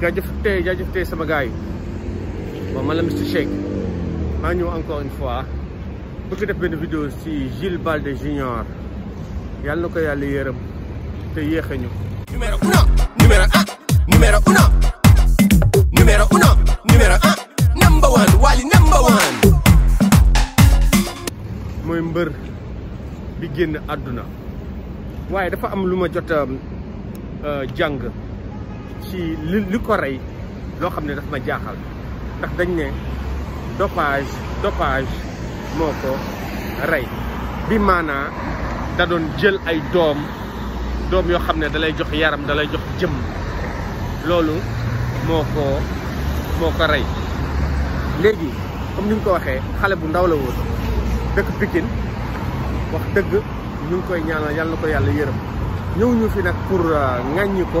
Gajah futeh, gajah futeh sama gai. Bon malam Mr. Sheikh. Manyo encore une fois. Bëgg def ben vidéo ci Gilles Balde Junior. Yalla nako yalla yeeram te yéxañu. Numéro 1, numéro 1, numéro 1. Numéro 1, numéro 1, number 1, wali number 1. Moy mbeur bi génn aduna. Waye dafa am luma jot um, euh jang. Euh, ci li li ko rey loo xam ne daf ma jaaxal ndax dañ ne dopage dopage moo ko rey bi maanaa da doon jël ay doom doom yoo xam ne dalay jox yaram dalay jox jëm loolu moo ko moo ko rey léegi comme ni nga ko waxee xale bu ndaw la woon dëkk Pikine wax dëgg ñu ngi koy ñaal yàlla na ko yàlla yërëm ñëw ñu fi nag pour euh, ŋàññi ko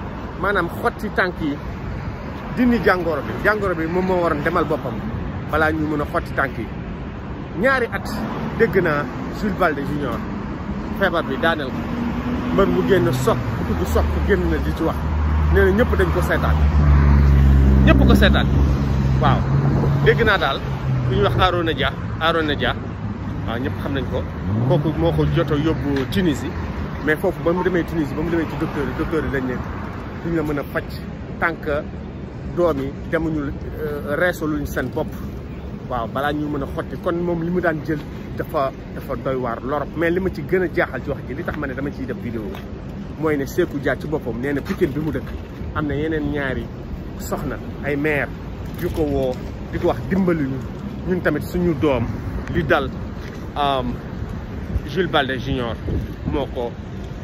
maanaam xotti tànk yi dindi jàngoro bi jàngoro bi moom moo waroon demal boppam balaa ñu mën a xotti tànk yi ñaari at dégg naa Jules de junior feebar bi daaneel ko mbër mu génn soq bu soq génn na di ci wax nee ñëpp dañ ko seetaan ñëpp ko seetaan waaw dégg naa daal ku ñu wax na Arona Dia na Dia waaw ñëpp xam nañ ko kooku moo ko joto yóbbu Tunisie mais foofu ba mu demee Tunisie ba mu demee ci docteur yi dañ ne duñ la mën a faj tant que doom yi demuñu euh, reesaluñ seen bopp waaw balaa ñu mën a xotti kon moom li mu daan jël dafa dafa doy waar lorop mais li ma ci gën a jaaxal ci wax ji li tax ma ne dama ciy def vidéo mooy ne Sékou jaar ci boppam nee na Pikine bi mu dëkk am na yeneen ñaari soxna ay maire yu ko woo di ko wax dimbaliñu ñun tamit suñu doom li dal Jules Balde Junior moo ko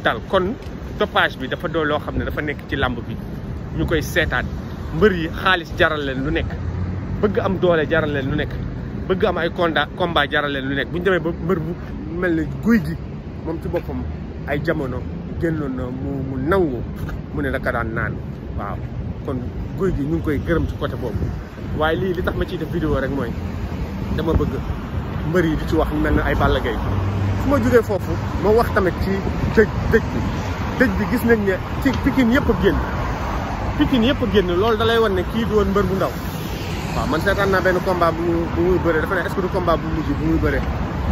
dal kon dopage bi dafa doon loo xam ne dafa nekk ci làmb bi ñu koy seetaan mbër yi xaalis jaral leen lu nekk bëgg am doole jaral leen lu nekk bëgg am ay conda combat jaral leen lu nekk bu ñu demee ba mbër bu mel ne guy gi moom ci boppam ay jamono génnoon na mu mu nangu mu ne daka daan naan waaw kon guy gi ñu ngi koy gërëm ci côté boobu waaye lii li tax ma ciy def vidéo rek mooy dama bëgg mbër yi di ci wax mel na ay Balla Gaye su ma jógee foofu ma wax tamit ci dëj dëj dëj bi gis nañ ne ci Pikine yëpp a génn Pikine yëpp génn loolu dalay won ne kii du woon mbër bu ndaw waaw man seetaan naa benn combat bu bu muy bëree dafa ne est-ce que du combat bu mujj bu muy bëree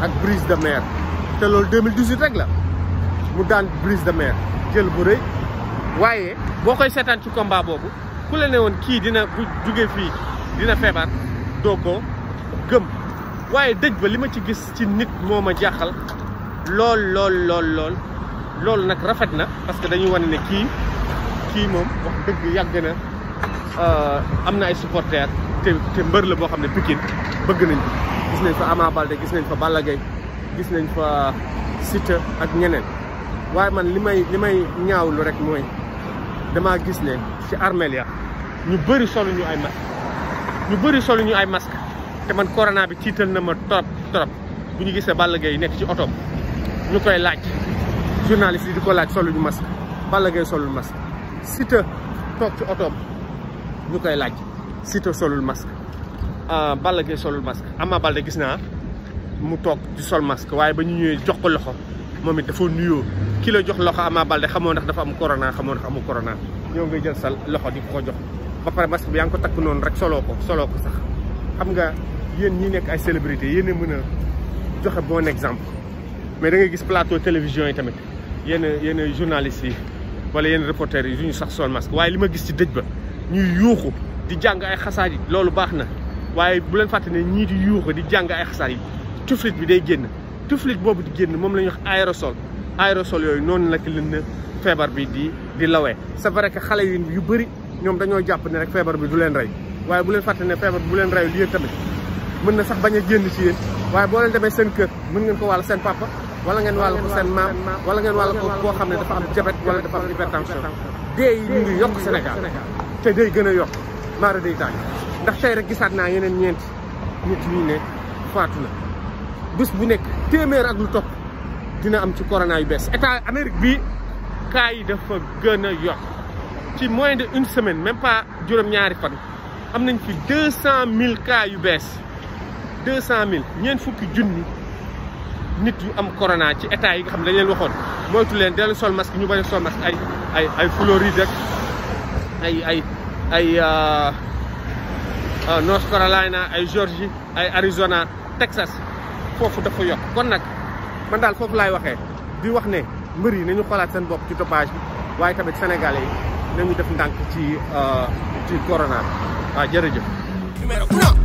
ak brise de mer te loolu 2018 rek la mu daan brise de mer jël bu rëy waaye boo koy seetaan ci combat boobu ku la ne woon kii dina bu jugee fii dina feebar doo ko gëm waaye dëj ba li ma ci gis ci nit moo ma jaaxal lool lool lool lool loolu nag rafet na parce que dañuy wane ne kii kii moom wax dëgg yàgg na euh, am na ay supporters te mbër la boo xam ne Pikine bëgg nañ gis nañ fa Ama Baldé gis nañ fa Balla Gaye gis nañ fa Siteu ak ñeneen waaye man li may li may ñaawlu rek mooy damaa gis ne si armeel ya ñu bëri solu ñu ay masque ñu bëri solu ñu ay masque te man corona bi tiital na ma trop trop bu ñu gisee Balla Gaye nekk ci otoom ñu koy laaj journaliste di ko laaj solo ñu mas bala ngay solo mas si te tok ci auto ñu koy laaj si te solo mas ah bala ngay solo mas ama bala gis na mu tok ci sol mas waye ba ñu ñëw jox ko loxo momit dafa nuyo ki la jox loxo ama balde xamoo ndax dafa am corona xamoo ndax amu corona ñoo ngay jël sal loxo di ko jox ba pare mas bi yang ko tak noon rek solo ko solo ko sax xam nga yeen ñi nekk ay celebrity yeen mëna joxe bon exemple mais da ngay gis plateau télévision yi tamit yenn yenn journalistes yi wala yenn reporters yi du ñu sax sol masque waaye li ma gis si dëj ba ñuy yuuxu di jàng ay xasaar loolu baax na waaye bu leen fàtte ne ñii di yuuxu di jàng ay xasaar tuflit bi day génn tuflit boobu di génn moom la ñuy wax aérosol aérosol yooyu noonu nag leen feebar bi di di lawee c'est vrai que xale yu yu bëri ñoom dañoo jàpp ne rek feebar bi du leen rey waaye buleen leen ne feebar bi bu leen reyul yéen tamit mën na sax bañ a génn ci waaye boo demee seen mën ngeen ko wàll seen wala ngeen wàll ko seen maam wala ngeen wàll ko koo xam ne dafa am jabet wala dafa am hypertension dee yi ñu ngi yokk Sénégal te day gën a yokk maara day taal ndax tey rek gisaat naa yeneen ñeenti nit ñi ne faatu na bis bu nekk téeméer ak lu topp dina am ci corona yu bees état Amérique bi cas yi dafa gën a yokk ci moins de une semaine même pas juróom-ñaari fan am nañ fi deux cent mille cas yu bees deux cent mille ñeent fukki junni nit yu am corona ci état yi xam ne dañ leen waxoon moytu leen dellu sol masque ñu bañ sol masque ay ay ay Floride rek ay ay ay euh, North Carolina ay Georgie ay Arizona Texas foofu dafa yokk kon nag man daal foofu laay waxee di wax ne mbër yi nañu xoolaat seen bopp ci dopage bi waaye tamit sénégalais yi nañu def ndànk ci euh, ci corona waaw